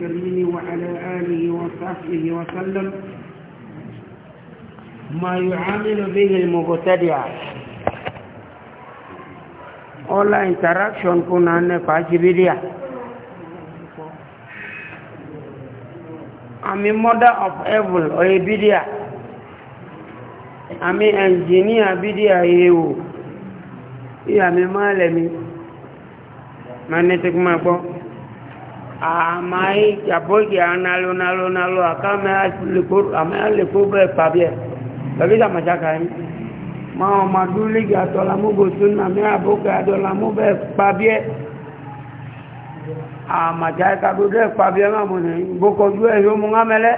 الكريم وعلى آله وصحبه وسلم ما يعامل به المبتدع all interaction kuna ne fajibidia I'm a mother of evil or a bidia I'm an engineer bidia yewu iya mi malami magnetic ma gbọ́ amai jabogi analo nalo nalo akame likur amaya likube pabie kabisa machaka ni ma maduli ga tola mu gosunna me aboka dola mu be pabie amachaka bude pabie ma mune boko jue yo mu ngamele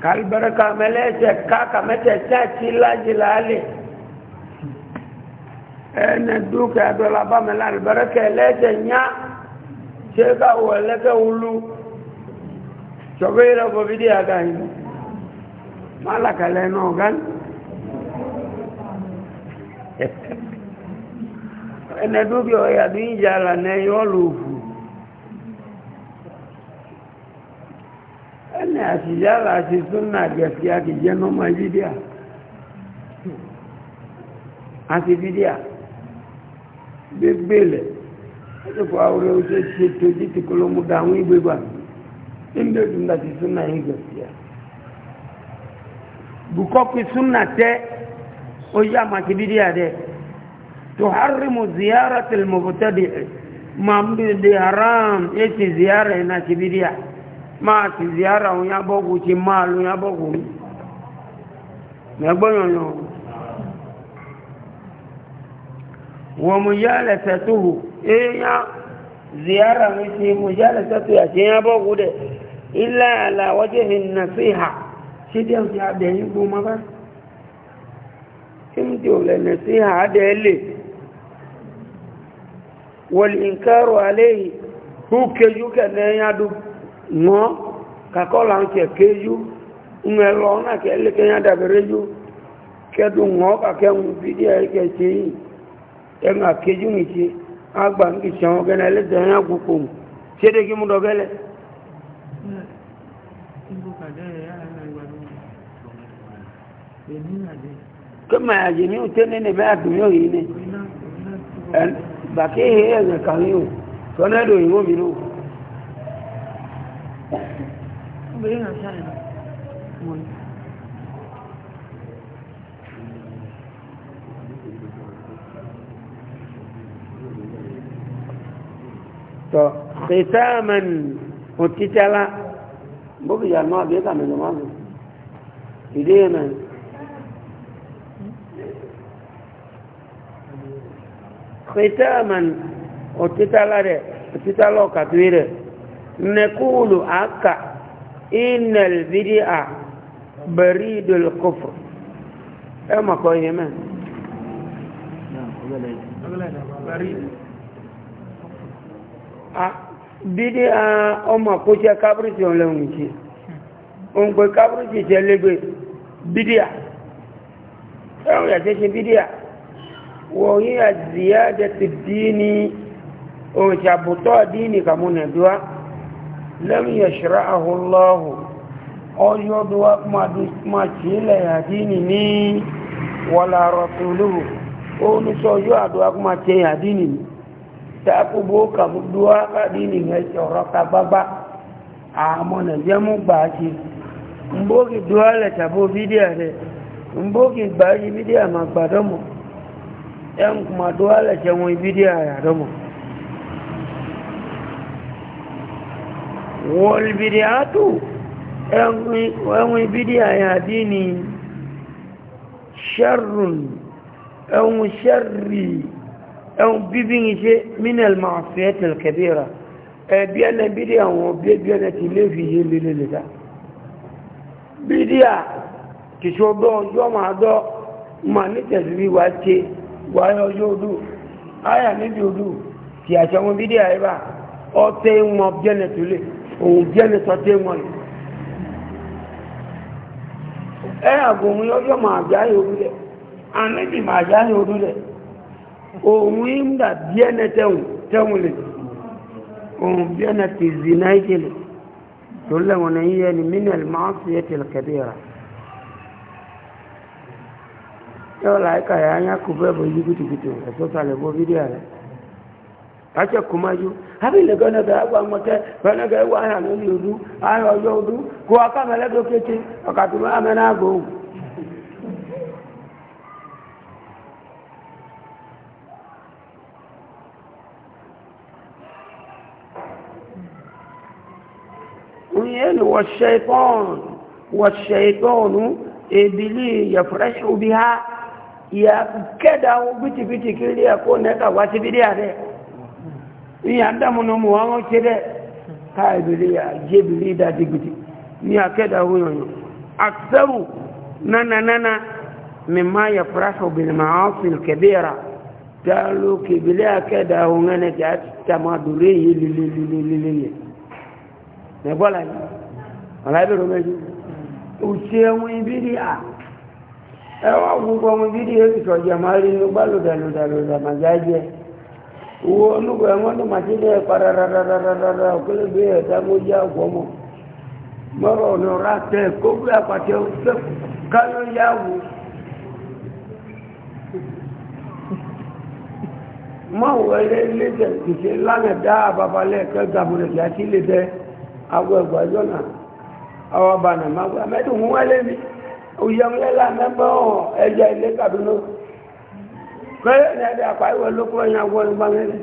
kalbaraka mele se kaka mete cha chila jilale ẹnẹ dúkẹ́ abẹ́lá bámẹ́lá àlùbẹ́rẹ́kẹ́ lẹ́tẹ̀ nyá ṣe káwọ̀ ẹlẹ́kẹ́ wúlú ṣọ̀bẹ́ yìí lọ́kọ̀ bí díẹ̀ ká náà gán ẹnẹ dúkẹ́ ọ̀yà bí lànà yọ́ lòfù bebele ẹjọpọ awore o ṣe ṣe tojú ti kolo mu da àwọn ìgbé gbà ndé dùn láti súnà yín gbèsè à bukọ́pì súnà tẹ ó yá màkìdídì àdẹ ziyara haram yé ti ziyara ziyara omuj resetu bụ ya ziara nsi mụj reseptụ a jiya bwụd ileala oje chidu maka himduet ha dle weli kerụla ehi ya du nụọ kakla e uwelụ na eleke ya dabere ju kedụ nụọ ka kebidga eje ihi e àkéjú ní ṣe agba ń kìí ṣàwọn ọ̀gẹ́nà ẹlẹ́dẹ̀ ẹ̀yà gbogbo ṣe é dé kí mú dọ̀gẹ́lẹ̀ kama àjèmí ò tẹ́ nínú ẹ̀bẹ́ àdùnmí òyìn ní bàkí tọ́ kìtàmẹ́nì òtítẹ́lá bóbi yà náà bí ẹ̀ka mẹ́jọ máa bù ìdí ẹ̀mẹ́ kìtàmẹ́nì òtítẹ́lá rẹ̀ òtítẹ́lá ọ̀kàtúwé rẹ̀ nẹ́kúùlù àkà ìnẹ̀lbídí à bẹ̀rí ìdòlùkọ́fọ̀ ẹ̀ mọ̀kọ́ ìyẹn mẹ́. bídí ọmọ àkóṣẹ́ kábírìtì ọlẹ́hùn ìṣe òun pé kábírìtì ìṣẹ́ lẹ́gbẹ̀ẹ́ bidia ẹ̀rùn yàtẹ́ ṣe bídíà wọ́n yí àzíyájẹ́ ti díní òun ṣàbùtọ́ díní kàmúnàdúwá lẹ́mìí duwa ní wọ́lá rọ̀tùlù ọjọ́ takubo kabudua kadini ngechoro kababa amona jamu baji mbogi duale tabo bidiare mbogi baji ma magbadomo em kuma duale jamu bidia ya domo wal bidiatu em bidia ya dini sharrun em sharri ẹ̀hún bíbí yìí ṣe minel máa fi ẹ́ tẹ̀lẹ̀ kẹbíra ẹ̀bí ẹ̀nà bídí àwọn bíbí ẹ̀nà ti lé fi yé lélẹ̀ lẹ́ta bídí à kìṣọ́ ọdọ́ ọjọ́ máa dọ́ máa ní tẹ̀sí bí wàá ṣe wàá yọ ọjọ́ odù áyà níbi odù kì àṣà wọn bídí à yìí bá ọtẹ wọn bíẹ̀nà tó lè òun bíẹ̀nà tọ́tẹ wọn yìí ẹ̀ àgùnmí ọjọ́ máa jáyé odù rẹ̀ àníbi máa jáyé odù rẹ̀ òun ń dà bí ẹnẹ tẹ́hùn tẹ́hùn lè òun bí ẹnẹ ti náà tó lẹ́wọ̀n ni mineral máa fi ẹ̀ tẹ̀lẹ̀ ra yọ láìka yà á kó bẹ́ẹ̀ bọ̀ yí kùtùkùtù ẹ̀sọ́ sàlẹ̀ bọ́ fídíò rẹ̀ kàṣẹ kò máa yó hábìlì gánàgà ẹgbà mọ́tẹ́ gánàgà ẹwà àyà lórí odú ayọ̀ ọjọ́ odú kó akámẹ́lẹ́dọ́kẹ́tẹ́ والشيطان والشيطان إبلي يفرح بها يكدا وبتي بتي كلي يكون نتا واسبيدي عليه ni adamu no mu awon kede ka ibili ya jibili da digiti ni akeda huyo aksaru nana nana mimma yafrahu bil ma'asi al kabira talu kibili akeda hungane ta tamaduri lililililili ne bola ni aláìbẹ̀rẹ̀ méjì òṣì ẹ̀wọ̀n ìbídí à ẹwà gbogbo ọmọ ìbídí èkìtọ̀ jẹ máa rí inú bá lòdàlòdàlòdà màjá jẹ owó onúgbò ẹ̀wọ̀n tó màtí dẹ́ parararararara òkèlè bí ẹ̀dá mójá ọ̀gbọ́mọ mọ́rọ̀ ọ̀nà ọ̀rá tẹ kókó àpàtẹ káyọ̀ yáwó mọ́wọ́ ẹlẹ́ ilé lánàá dá àbàbà lẹ́ẹ̀kẹ́ gàbọ̀rẹ̀ kí á sí ilé tẹ àwọn ọba nà máa gbà mẹ́tò mú wálé mi òyìnlẹ́lá mẹ́gbọ́n ẹjọ́ ilé kàdúnà kọ́lẹ̀ ní ẹgbẹ́ àpáríwọ̀ lókú ọ̀yàn wọ́n ní gbámẹ́rẹ́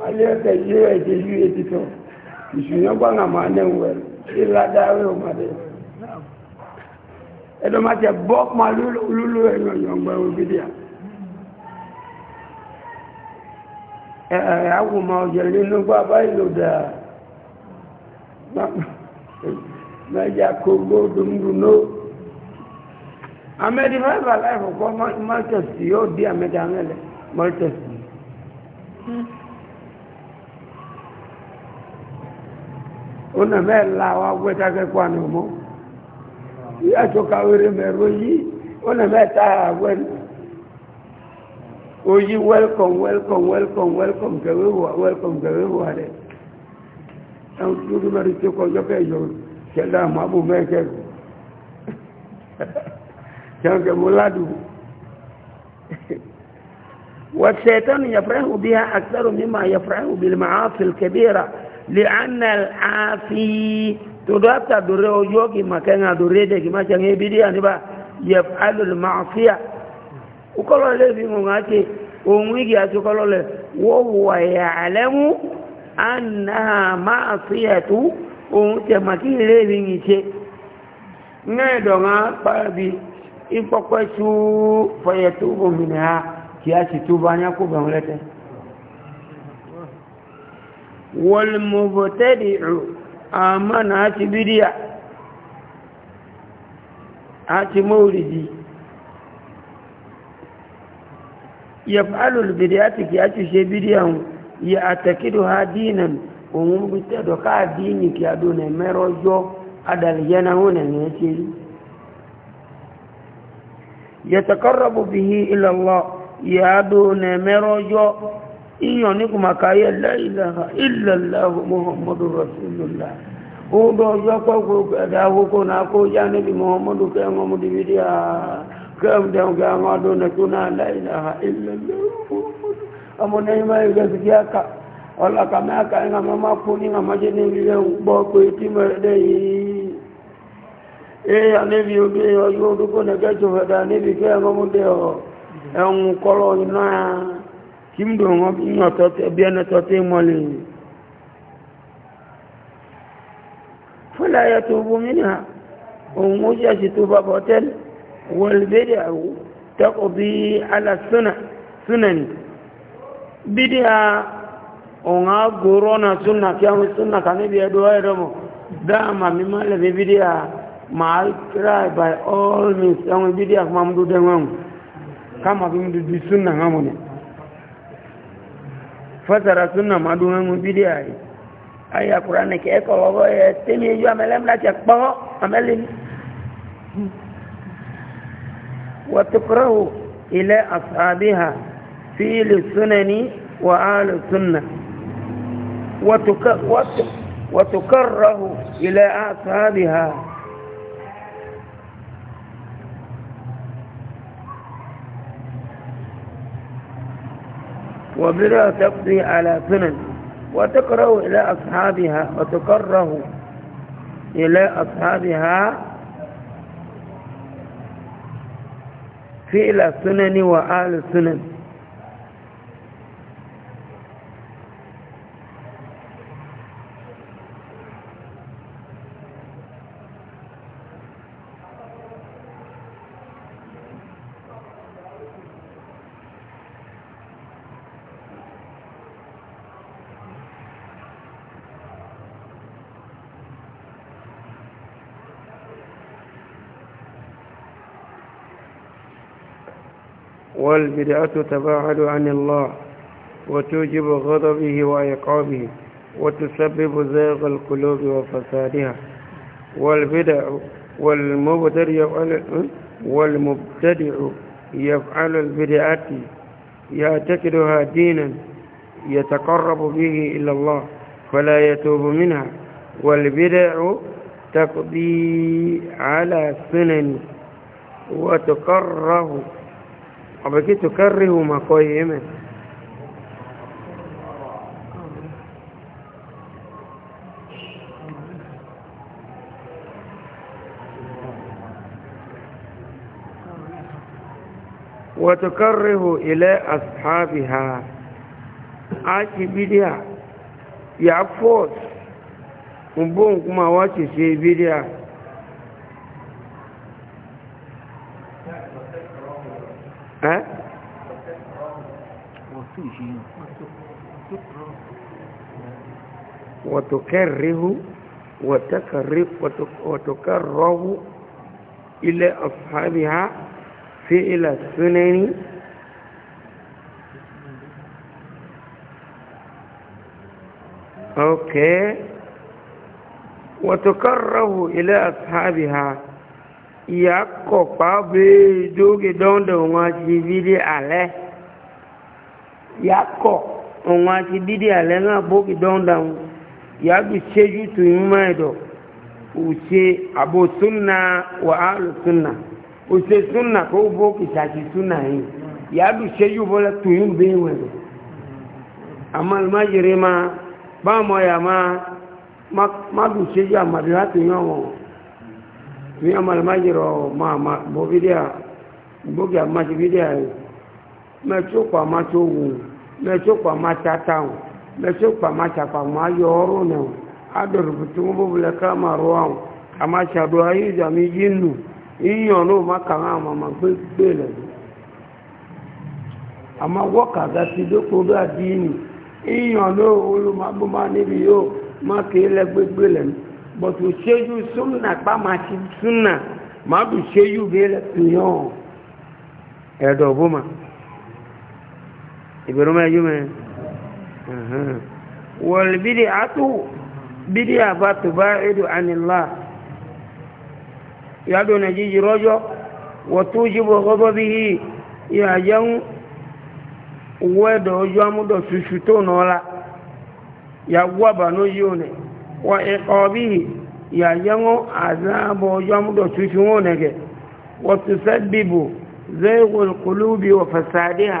wálé ẹ̀kẹ́ yíò ẹ̀jẹ̀ yíò ẹ̀jẹ̀ tó ìṣúyàn gbọ́nà máa nẹ́wẹ̀ ìlàdáwẹ̀ ọmọdé ẹ̀dọ́ máa tẹ bọ́ pa lúlú nínú gbọ́ abáyé dáa mẹ́jà kógbó dundunó amẹ́dí fẹ́fà láìfò kọ́ mọ́tẹ̀sì yóò dí amẹ́dí amẹ́lẹ̀ mọ́tẹ̀sì ó nà mẹ́la wa gbẹ́tàkẹ́kọ́ àná mọ́ yíyá tó kàwéré mẹ́rọ yìí ó nà mẹ́ta àwẹ́ oyi welcome welcome welcome welcome kẹwé wà welcome kẹwé wà rẹ̀ ẹ̀hùn tí ó dúró lórí tí ó kọjọ́ fẹ́ yọ ṣẹ̀dá àmọ́bù mẹ́ẹ̀kẹ́ ṣẹ̀ǹkẹ̀ mú ládùú والشيطان يفرح بها أكثر مما يفرح بالمعاصي الكبيرة لأن العافي تدافع دري وجوكي ما كان دري دي ما كان يبدي يعني با يفعل المعصية وقالوا لي في مغاتي وميجي أتقالوا لي وهو يعلم annaha ma'asiyatu ohun tẹ màkí ilé rí yìí ṣe ní ẹ̀dọ̀nà pàbí ìpọ̀pẹ́ tó fọyẹ̀ tó òmìnira kí a sì tó a ní àkóbà wọn lẹ́tẹ̀ wọlmọ̀bọ̀tẹ́dì rò àmàna àti bídíà a ti ṣe bídíà يعتقدها دينا وهم بتدقى دينك يا دون مرجو أدلينا هنا نيتي يتقرب به إلى الله يا دون مرجو إيونكم كاية لا إله إلا الله محمد رسول الله odo ọjọ́ pọ̀kú ẹ̀dà àwòkó náà kó já níbi muhammadu kẹ́wọ́n mú dìbìdì àà kẹ́wọ́n dẹ̀wọ̀n kẹ́wọ́n ọdún nẹ̀tún náà láìláà ilẹ̀ lọ́wọ́ ọmọ nẹ́yìn máa yẹ sí kí á kà ọlọ́ka máa kà ń àmọ́ máa kú ní àmọ́jẹ́ ní ilé gbọ́ pé tí mẹ́rẹ̀dẹ́ yìí ee àníbi obi ọjọ́ orúkọ nẹ́gẹ́ tó fẹ́dá níbi kí ẹmọ mú dé ọ ẹ̀hún kọ́lọ̀ iná kí ń dùn wọn yàn tọ́tẹ́ bí ẹni tọ́tẹ́ mọ́lẹ̀ fúláyà tó bú mí nà bí alásùnà bidia onga gorona sunna kyamu sunna kane biya doa edomo dama mima le bidia mal try by all means onga bidia mamdu dengang kama bimdu di sunna ngamune fatara sunna madu ngamu bidia aya qur'ani ke ko logo e temi yo amelin wa tukrahu ashabiha في السنن وآل السنة وتك... وت... وتكره إلى أصحابها وبلا تقضي على سنن وتكره إلى أصحابها وتكره إلى أصحابها في إلى سنن وآل السنن والبدعة تباعد عن الله وتوجب غضبه وعقابه وتسبب زيغ القلوب وفسادها والبدع والمبتدع والمبتدع يفعل البدعة يعتقدها دينا يتقرب به إلى الله فلا يتوب منها والبدع تقضي على سنن وتقره ọ̀bẹ̀kí tó kẹ́rìhù màkọ yìí mẹ́ wàtùkárìhù ilẹ̀ ashabiha a ti bidiya ya fọ́s mbọ́n kuma wá ti ṣe bidiya وتكره وتكره وتكره إلى أصحابها فعل السنن أوكي وتكره إلى أصحابها يقف بجوج دون دون واجبي عليه يقف òun àti dídí àlẹ́ náà bókì dọ́ndàn yàgbì ṣéjú tó ń mọ́ ẹ̀dọ̀ òṣè àbò wà á lò súnà òṣè súnà kó bókì ṣàṣì súnà yìí yàgbì ṣéjú bọ́lá tó ń bẹ́ ìwọ̀n ẹ̀dọ̀ àmọ́ ìmájèrè máa bá ọmọ yà máa má dùn ṣéjú àmàdé láti yàn tó yàn máa bọ́ fídíà bókì àmàṣe fídíà yìí mɛtsokpa ma tsata o mɛtsokpa ma tsakpa ma yɔ oru nɛ o adɔrɔbutu mo bɔbɔlɛ kama rɔ o kama tsa do ayi zami yi n'o ma ama n'o ma bɔ ma níbi ma kee lɛ gbegbe sunna sunna ma bi ìgbèrú mẹ́jú mẹ́ wọ̀lbídì àtú bídì àbá tó bá ìdù ànìlá yàdó nà jíjì rọ́jọ́ wọ̀tú jíbò gọ́gọ́ bí i ìhàjẹ́un wẹ́dọ̀ ojú amúdọ̀ ṣuṣu tó nọ́la yàgbọ́ àbànú yóò nẹ̀ wọ ẹ̀kọ́ bí i ìhàjẹ́un àzábọ̀ ojú amúdọ̀ ṣuṣu wọn nẹ̀gẹ̀ wọ̀tú sẹ́bìbò zẹ́wọ̀l kùlúbi wọ̀fẹ̀sàdíhà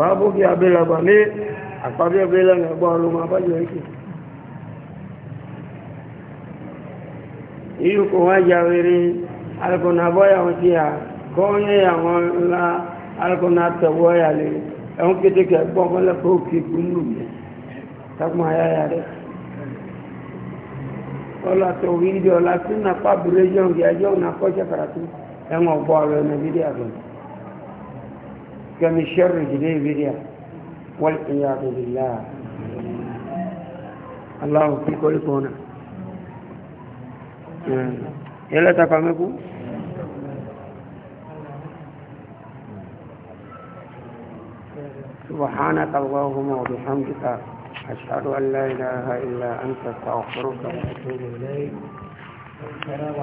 babu ki abela ba ne akpabi abela na gbọ ọrụ ma abajọ ike iyu ko wa jawere alko na boya wọn ti a ko onye ya wọn la alko na tẹwọ ya le ẹwọn keteke gbọ wọn lẹ ko ki kunu mi takuma ya ya rẹ ọlọ atọ wíńdì ọlọ atún na pa abúlé jọǹgì ẹjọ na kọjá karatu ẹwọn gbọ ọrọ ẹnẹbi dí كم الشر جديد بريا والعياذ بالله الله في كل كونة آه. يلا تفهمكم سبحانك اللهم وبحمدك أشهد أن لا إله إلا أنت استغفرك وأتوب إليك